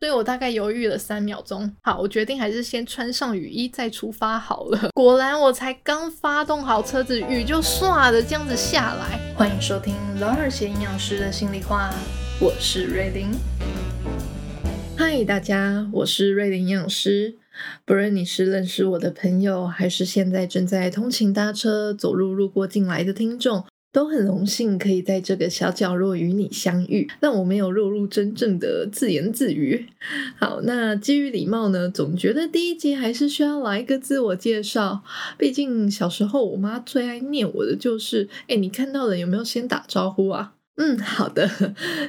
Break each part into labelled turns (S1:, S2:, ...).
S1: 所以我大概猶豫了三秒鐘，好，我決定還是先穿上雨衣再出發好了。果然，我才剛發動好車子雨，雨就唰的這樣子下來。歡迎收聽 Lar 些營養師的心裡話，我是瑞玲。嗨，大家，我是瑞玲營養師。不論你是認識我的朋友，還是現在正在通勤搭車、走路路過進來的聽眾。都很榮幸可以在這個小角落與你相遇，但我沒有落入真正的自言自語。好，那基於禮貌呢，總覺得第一集還是需要來一個自我介紹。畢竟小時候我媽最愛念我的就是，哎、欸，你看到的有沒有先打招呼啊？嗯，好的。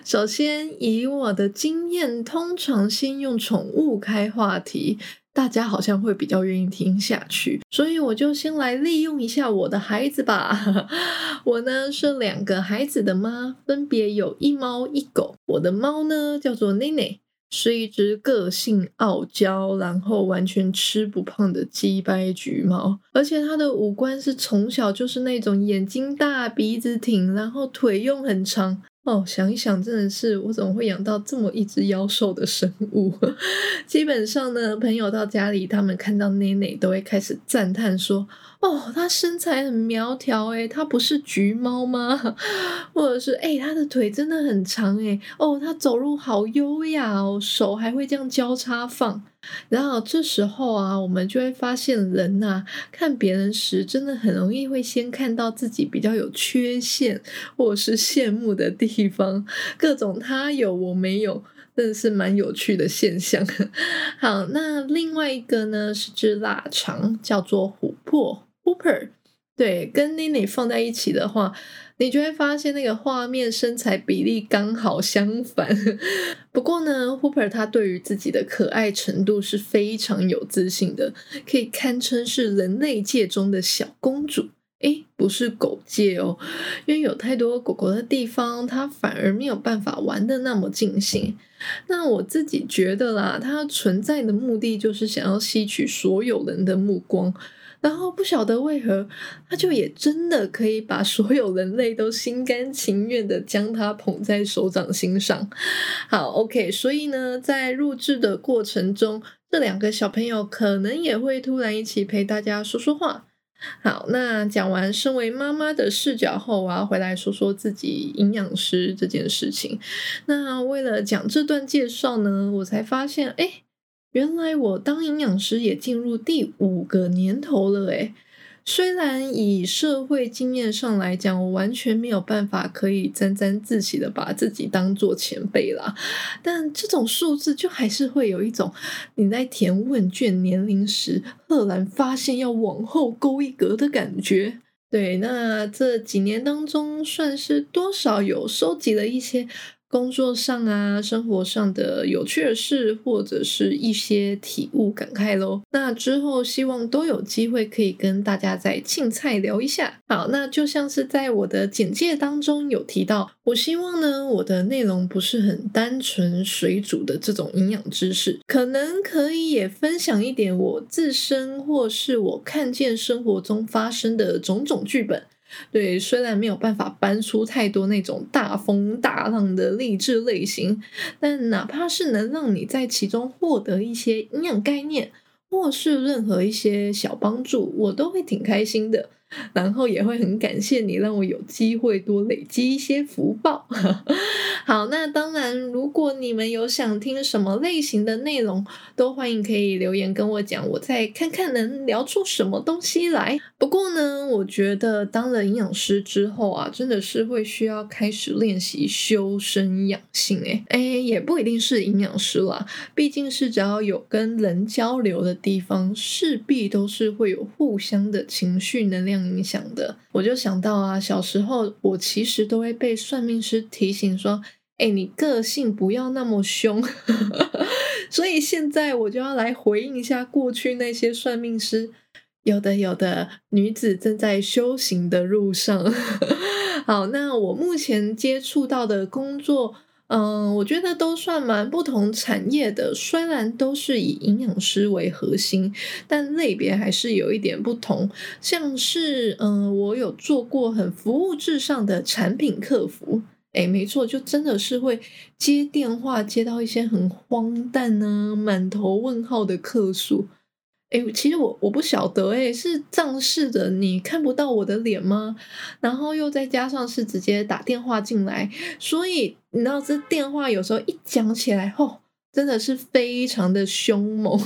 S1: 首先，以我的經驗，通常先用寵物開話題。大家好像會比較願意聽下去，所以我就先來利用一下我的孩子吧。 我呢是兩個孩子的媽，分別有一貓一狗。我的貓呢叫做奈奈，是一隻個性傲嬌，然後完全吃不胖的雞掰橘貓，而且它的五官是從小就是那種眼睛大，鼻子挺，然後腿又很長。哦，想一想，真的是我怎麼會養到這麼一隻妖獸的生物？ 基本上呢，朋友到家裡，他們看到奈奈都會開始讚嘆說。哦，它身材很苗條誒，它不是橘貓嗎？或者是誒、欸，它的腿真的很長誒。哦，它走路好優雅哦，手還會這樣交叉放。然後這時候啊，我們就會發現人吶、啊，看別人時真的很容易會先看到自己比較有缺陷或者是羨慕的地方，各種他有我沒有，真的是蠻有趣的現象。好，那另外一個呢是隻臘腸，叫做琥珀。Hooper, 對，跟 Nini 放在一起的話，你就會發現那個畫面身材比例剛好相反。 不過呢，Hooper 他對於自己的可愛程度是非常有自信的，可以堪稱是人類界中的小公主。誒，不是狗界哦，因為有太多狗狗的地方，它反而沒有辦法玩得那麼盡興。那我自己覺得啦，它存在的目的就是想要吸取所有人的目光。然後不曉得為何，他就也真的可以把所有人類都心甘情願的將他捧在手掌心上。好，OK，所以呢，在錄制的過程中，這兩個小朋友可能也會突然一起陪大家說說話。好，那講完身為媽媽的視角後，我要回來說說自己營養師這件事情。那為了講這段介紹呢，我才發現，哎。原來我當營養師也進入第五個年頭了誒，雖然以社會經驗上來講，我完全沒有辦法可以沾沾自喜的把自己當做前輩啦。但這種數字就還是會有一種你在填問卷年齡時，赫然發現要往後勾一格的感覺。對，那這幾年當中，算是多少有收集了一些。工作上啊，生活上的有趣的事，或者是一些體悟感慨嘍。那之後希望都有機會可以跟大家在青菜聊一下。好，那就像是在我的簡介當中有提到，我希望呢，我的內容不是很單純水煮的這種營養知識，可能可以也分享一點我自身或是我看見生活中發生的種種劇本。對，雖然沒有辦法搬出太多那種大風大浪的勵志類型，但哪怕是能讓你在其中獲得一些營養概念，或是任何一些小幫助，我都會挺開心的。然後也會很感謝你，讓我有機會多累積一些福報。 好，那當然，如果你們有想聽什麼類型的內容，都歡迎可以留言跟我講，我再看看能聊出什麼東西來。不過呢，我覺得當了營養師之後啊，真的是會需要開始練習修身養性。誒，誒，也不一定是營養師啦，畢竟是只要有跟人交流的地方，勢必都是會有互相的情緒能量影響的。我就想到啊，小時候我其實都會被算命師提醒說。誒、欸、你個性不要那麼凶， 所以現在我就要來回應一下過去那些算命師。有的有的女子正在修行的路上。 好，那我目前接觸到的工作，嗯，我覺得都算蠻不同產業的。雖然都是以營養師為核心，但類別還是有一點不同。像是，嗯，我有做過很服務至上的產品客服。誒沒錯，就真的是會接電話接到一些很荒誕呢、啊，滿頭問號的客訴。誒其實我我不曉得誒，誒是仗勢的，你看不到我的臉嗎？然後又再加上是直接打電話進來，所以你知道這電話有時候一講起來，哦，真的是非常的凶猛。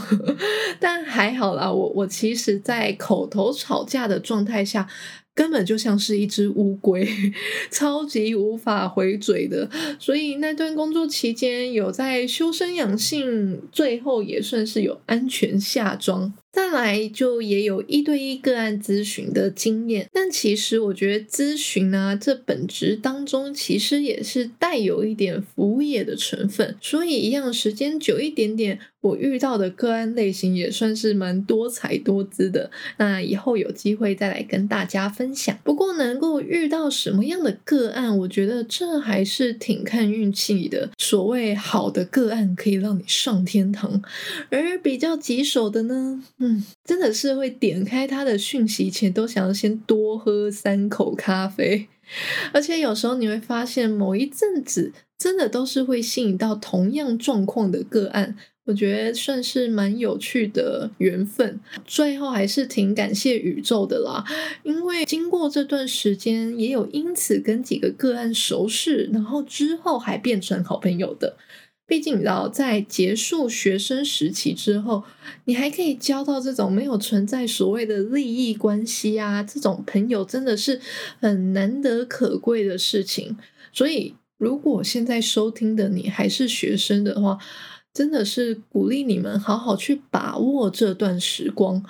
S1: 但還好啦，我我其實在口頭吵架的狀態下，根本就像是一隻烏龜，超級無法回嘴的。所以那段工作期間有在修身養性，最後也算是有安全下莊。再來就也有一對一個案諮詢的經驗，但其實我覺得諮詢呢、啊，這本質當中其實也是帶有一點服務業的成分，所以一樣時間久一點點，我遇到的個案類型也算是蠻多才多姿的。那以後有機會再來跟大家分享。不過能夠遇到什麼樣的個案，我覺得這還是挺看運氣的。所謂好的個案可以讓你上天堂，而比較棘手的呢？嗯，真的是會點開他的訊息前，都想要先多喝三口咖啡。而且有時候你會發現，某一陣子真的都是會吸引到同樣狀況的個案，我覺得算是蠻有趣的緣分。最後還是挺感謝宇宙的啦，因為經過這段時間，也有因此跟幾個個案熟識，然後之後還變成好朋友的。畢竟，你知道，在結束學生時期之後，你還可以交到這種沒有存在所謂的利益關係啊，這種朋友真的是很難得可貴的事情。所以，如果現在收聽的你還是學生的話，真的是鼓勵你們好好去把握這段時光，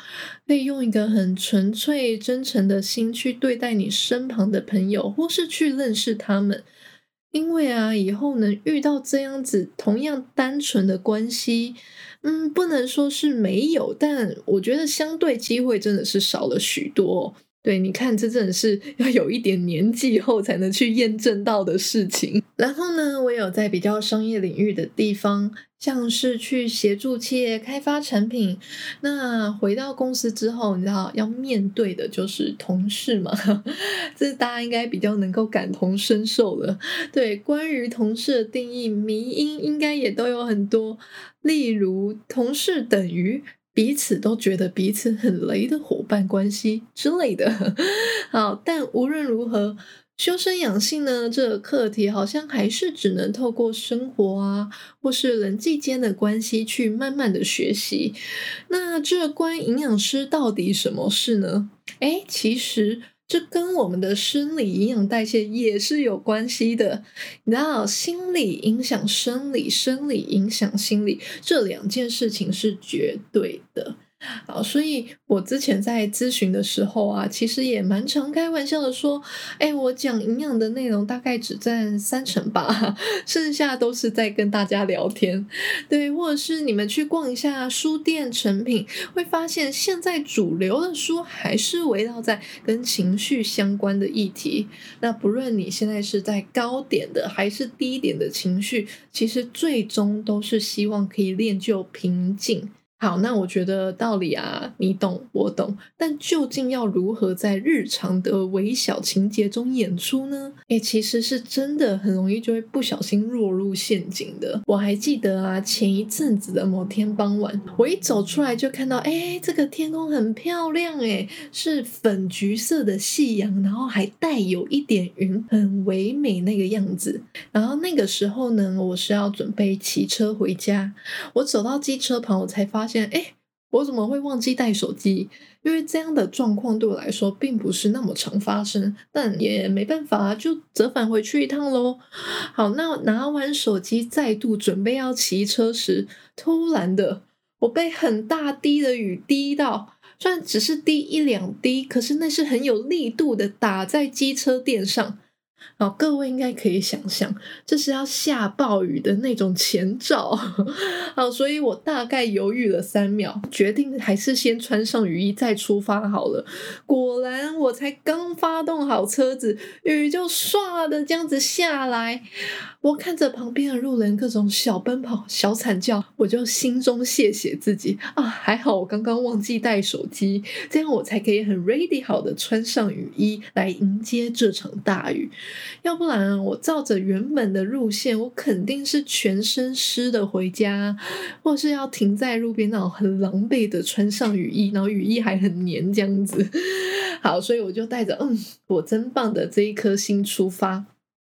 S1: 可以用一個很純粹、真誠的心去對待你身旁的朋友，或是去認識他們。因為啊，以後能遇到這樣子同樣單純的關係，嗯，不能說是沒有，但我覺得相對機會真的是少了許多。對，你看，這真的是要有一點年紀後才能去驗證到的事情。然後呢，我有在比較商業領域的地方，像是去協助企業開發產品。那回到公司之後，你知道要面對的就是同事嘛？這大家應該比較能夠感同身受了。對，關於同事的定義，迷因應該也都有很多，例如同事等於。彼此都覺得彼此很雷的夥伴關係之類的，好，但無論如何，修身養性呢，這個課題好像還是只能透過生活啊，或是人際間的關係去慢慢的學習。那這關營養師到底什麼事呢？誒，其實。這跟我們的生理營養代謝也是有關係的，你知道，心理影響生理，生理影響心理，這兩件事情是絕對的。啊、哦，所以我之前在諮詢的時候啊，其實也蠻常開玩笑的說，誒、欸，我講營養的內容大概只佔三成吧，剩下都是在跟大家聊天，對，或者是你們去逛一下書店誠品，會發現，現在主流的書還是圍繞在跟情緒相關的議題。那不論你現在是在高點的還是低點的情緒，其實最終都是希望可以練就平靜。好，那我覺得道理啊，你懂我懂，但究竟要如何在日常的微小情節中演出呢？誒、欸，其實是真的很容易就會不小心落入陷阱的。我還記得啊，前一陣子的某天傍晚，我一走出來就看到，哎、欸，這個天空很漂亮、欸，誒，是粉橘色的夕陽，然後還帶有一點雲，很唯美那個樣子。然後那個時候呢，我是要準備騎車回家，我走到機車旁，我才發現。哎，我怎麼會忘記帶手機？因為這樣的狀況對我來說並不是那麼常發生，但也沒辦法，就折返回去一趟咯。好，那拿完手機，再度準備要騎車時，突然的，我被很大滴的雨滴到，雖然只是滴一兩滴，可是那是很有力度的打在機車墊上。好，各位應該可以想象，這是要下暴雨的那種前兆。好，所以我大概猶豫了三秒，決定還是先穿上雨衣再出發好了。果然，我才剛發動好車子，雨就唰的這樣子下來。我看着旁邊的路人各種小奔跑、小慘叫，我就心中謝謝自己。啊，還好我剛剛忘記帶手機，這樣我才可以很 ready 好的穿上雨衣來迎接這場大雨。要不然我照着原本的路線，我肯定是全身濕的回家，或是要停在路邊，那種很狼狽的穿上雨衣，然後雨衣還很黏這樣子。好，所以我就帶着“嗯，我真棒”的這一顆心出發。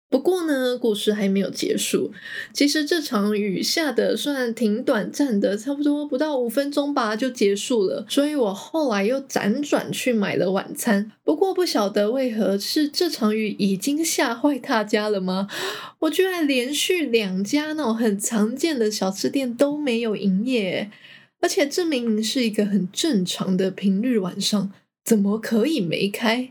S1: 不過呢，故事還沒有結束。其實這場雨下的算挺短暫的，差不多不到五分鐘吧就結束了。所以我後來又輾轉去買了晚餐。不過不曉得為何是這場雨已經嚇壞大家了嗎？我居然連續兩家那種很常見的小吃店都沒有營業，而且這明明是一個很正常的平日晚上，怎麼可以沒開？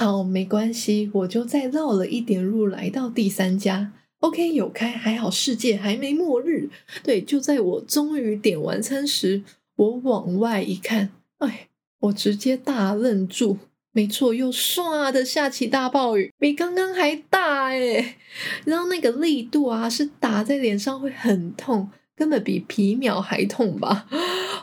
S1: 好，沒關係，我就再繞了一點路來到第三家。OK，有開還好，世界還沒末日。對，就在我終於點完餐時，我往外一看，哎，我直接大愣住。沒錯，又唰的下起大暴雨，比剛剛還大哎。然後那個力度啊，是打在臉上會很痛。根本比皮秒還痛吧，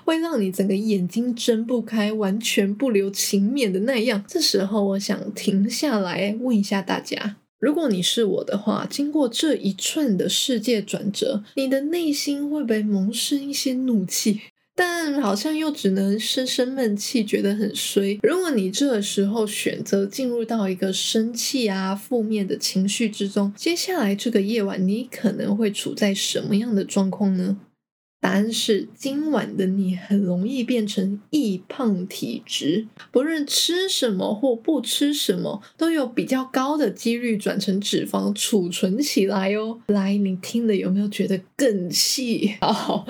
S1: 會讓你整個眼睛睜不開，完全不留情面的那樣。這時候，我想停下來問一下大家：如果你是我的話，經過這一寸的世界轉折，你的內心會不會萌生一些怒氣？但好像又只能生生悶氣，覺得很衰。如果你這個時候選擇進入到一個生氣啊，負面的情緒之中，接下來這個夜晚你可能會處在什麼樣的狀況呢？答案是，今晚的你很容易變成易胖體質，不論吃什麼或不吃什麼，都有比較高的幾率轉成脂肪儲存起來哦。來，你聽了有沒有覺得更氣？哦，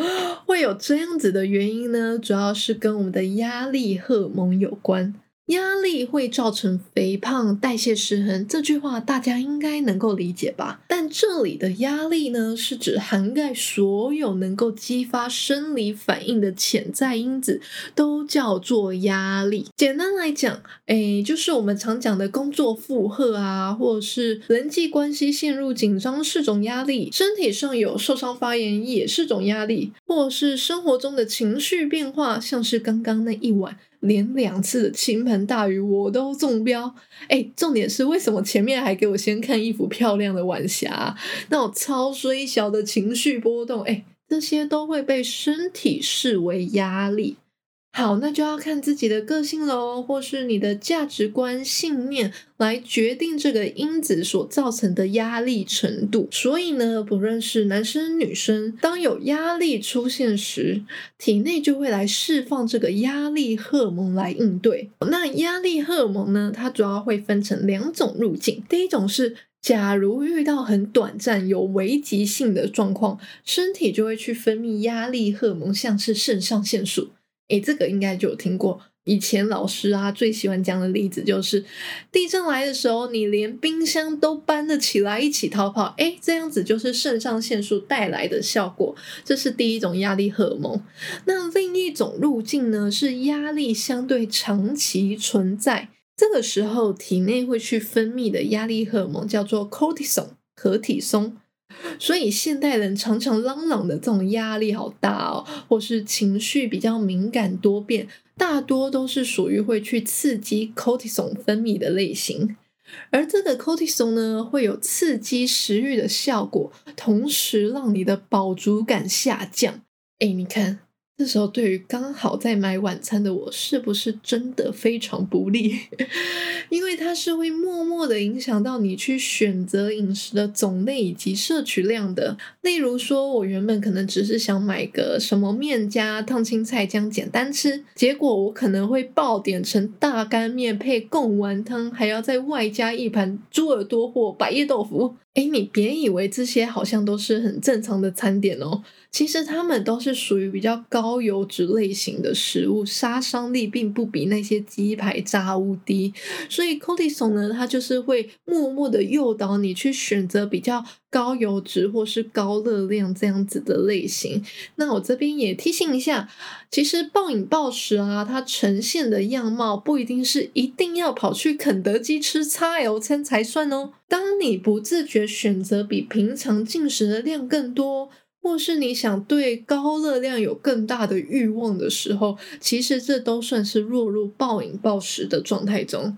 S1: 會有這樣子的原因呢，主要是跟我們的壓力荷爾蒙有關。壓力會造成肥胖、代謝失衡，這句話大家應該能夠理解吧？但這裡的壓力呢，是指涵蓋所有能夠激發生理反應的潛在因子，都叫做壓力。簡單來講，哎，就是我們常講的工作負荷啊，或者是人際關係陷入緊張是種壓力，身體上有受傷發炎也是種壓力，或者是生活中的情緒變化，像是剛剛那一晚。連兩次的傾盆大雨我都中標，誒，重點是為什麼前面還給我先看一幅漂亮的晚霞？那種超衰小的情緒波動，誒，這些都會被身體視為壓力。好，那就要看自己的個性嘍，或是你的價值觀、信念，來決定這個因子所造成的壓力程度。所以呢，不論是男生女生，當有壓力出現時，體內就會來釋放這個壓力荷爾蒙來應對。那壓力荷爾蒙呢，它主要會分成兩種路徑。第一種是，假如遇到很短暫有危急性的狀況，身體就會去分泌壓力荷爾蒙，像是腎上腺素。誒，這個應該就有聽過。以前老師啊，最喜歡講的例子就是，地震來的時候，你連冰箱都搬得起來一起逃跑。誒，這樣子就是腎上腺素帶來的效果，這是第一種壓力荷爾蒙。那另一種路徑呢，是壓力相對長期存在，這個時候體內會去分泌的壓力荷爾蒙叫做 cortisol，可體松。所以現代人常常嚷嚷的這種壓力好大哦，或是情緒比較敏感多變，大多都是屬於會去刺激 cortisol 分泌的類型，而這個 cortisol 呢，會有刺激食慾的效果，同時讓你的飽足感下降。誒、欸、你看。這時候，對於剛好在買晚餐的我，是不是真的非常不利？ 因為它是會默默的影響到你去選擇飲食的種類以及攝取量的。例如說，我原本可能只是想買個什麼麵加燙青菜這樣簡單吃，結果我可能會爆點成大乾麵配貢丸湯，還要再外加一盤豬耳朵或百葉豆腐。誒，你別以為這些好像都是很正常的餐點哦，其實他們都是屬於比較高油脂類型的食物，殺傷力並不比那些雞排炸物低。所以，可體松呢，他就是會默默的誘導你去選擇比較。高油脂或是高熱量這樣子的類型，那我這邊也提醒一下，其實暴飲暴食啊，它呈現的樣貌不一定是一定要跑去肯德基吃 XL 餐才算哦。當你不自覺選擇比平常進食的量更多，或是你想對高熱量有更大的慾望的時候，其實這都算是落入暴飲暴食的狀態中。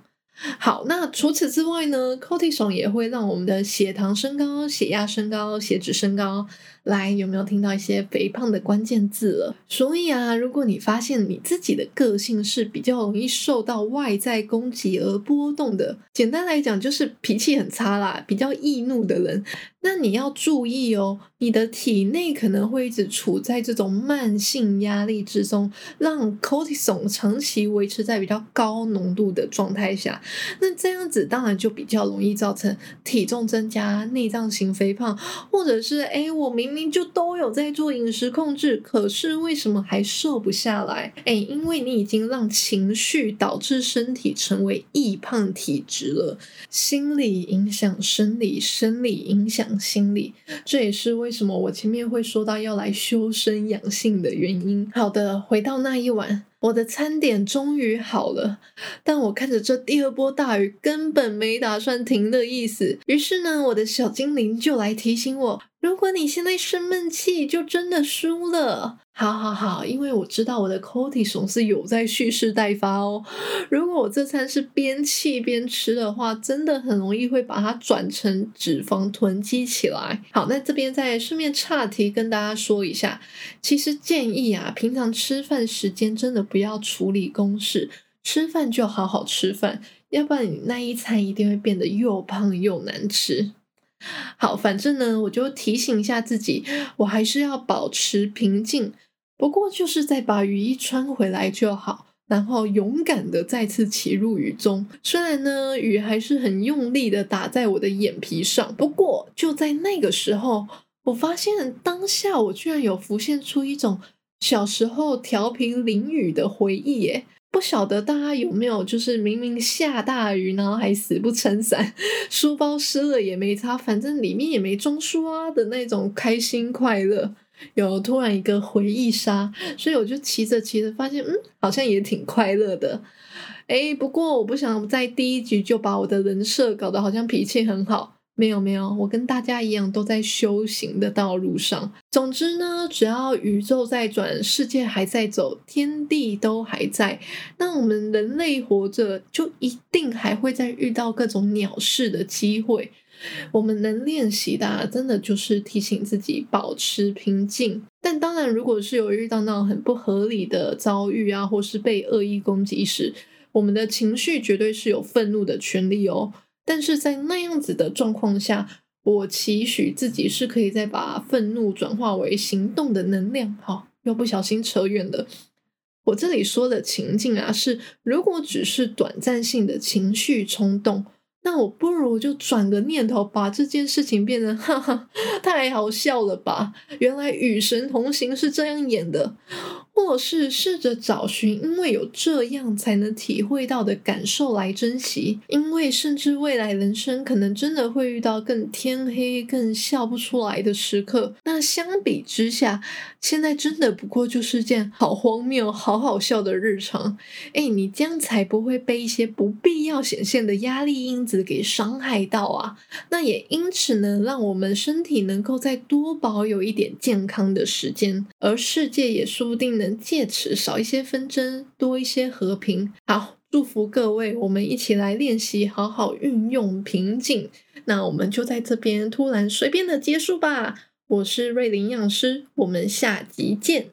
S1: 好，那除此之外呢？可體松也會讓我們的血糖升高、血壓升高、血脂升高。來，有沒有聽到一些肥胖的關鍵字了？所以啊，如果你發現你自己的個性是比較容易受到外在攻擊而波動的，簡單來講就是脾氣很差啦，比較易怒的人，那你要注意哦，你的體內可能會一直處在這種慢性壓力之中，讓 cortisol 長期維持在比較高濃度的狀態下，那這樣子當然就比較容易造成體重增加、內臟型肥胖，或者是哎，我明明。明明就都有在做飲食控制，可是為什麼還瘦不下來？誒，因為你已經讓情緒導致身體成為易胖體質了。心理影響生理，生理影響心理，這也是為什麼我前面會說到要來修身養性的原因。好的，回到那一晚。我的餐點終於好了，但我看着這第二波大雨，根本沒打算停的意思。於是呢，我的小精靈就來提醒我，如果你現在生悶氣，就真的輸了。好好好，因為我知道我的可體松總是有在蓄勢待發哦，如果我這餐是邊氣邊吃的話，真的很容易會把它轉成脂肪囤積起來。好，那這邊再順便岔題跟大家說一下，其實建議啊，平常吃飯時間真的不要處理公事，吃飯就好好吃飯，要不然你那一餐一定會變得又胖又難吃。好，反正呢，我就提醒一下自己，我還是要保持平靜。不過就是再把雨衣穿回來就好，然後勇敢的再次騎入雨中。雖然呢，雨還是很用力的打在我的眼皮上，不過就在那個時候，我發現當下我居然有浮現出一種小時候調皮淋雨的回憶耶。不曉得大家有沒有，就是明明下大雨，然後還死不撐傘，書包濕了也沒擦，反正裡面也沒裝書啊的那種開心快樂。有突然一個回憶殺，所以我就騎着騎着，發現嗯，好像也挺快樂的。誒，不過我不想在第一集就把我的人設搞得好像脾氣很好。沒有沒有，我跟大家一樣都在修行的道路上。總之呢，只要宇宙在轉，世界還在走，天地都還在，那我們人類活着就一定還會再遇到各種鳥事的機會。我們能練習的啊，真的就是提醒自己保持平靜。但當然，如果是有遇到那種很不合理的遭遇啊，或是被惡意攻擊時，我們的情緒絕對是有憤怒的權利哦。但是在那樣子的狀況下，我期許自己是可以再把憤怒轉化為行動的能量。好，哦，又不小心扯遠了。我這裡說的情境啊，是如果只是短暫性的情緒衝動。那我不如就轉個念頭，把這件事情變得哈哈，太好笑了吧？原來與神同行是這樣演的。或是試着找尋，因為有這樣才能體會到的感受來珍惜，因為甚至未來人生可能真的會遇到更天黑、更笑不出來的時刻。那相比之下，現在真的不過就是件好荒謬、好好笑的日常。哎，你這樣才不會被一些不必要顯現的壓力因子給傷害到啊！那也因此呢，讓我們身體能夠再多保有一點健康的時間，而世界也說不定能。借此少一些紛爭，多一些和平。好，祝福各位，我們一起來練習，好好運用平靜。那我們就在這邊突然隨便的結束吧。我是瑞林營養師，我們下集見。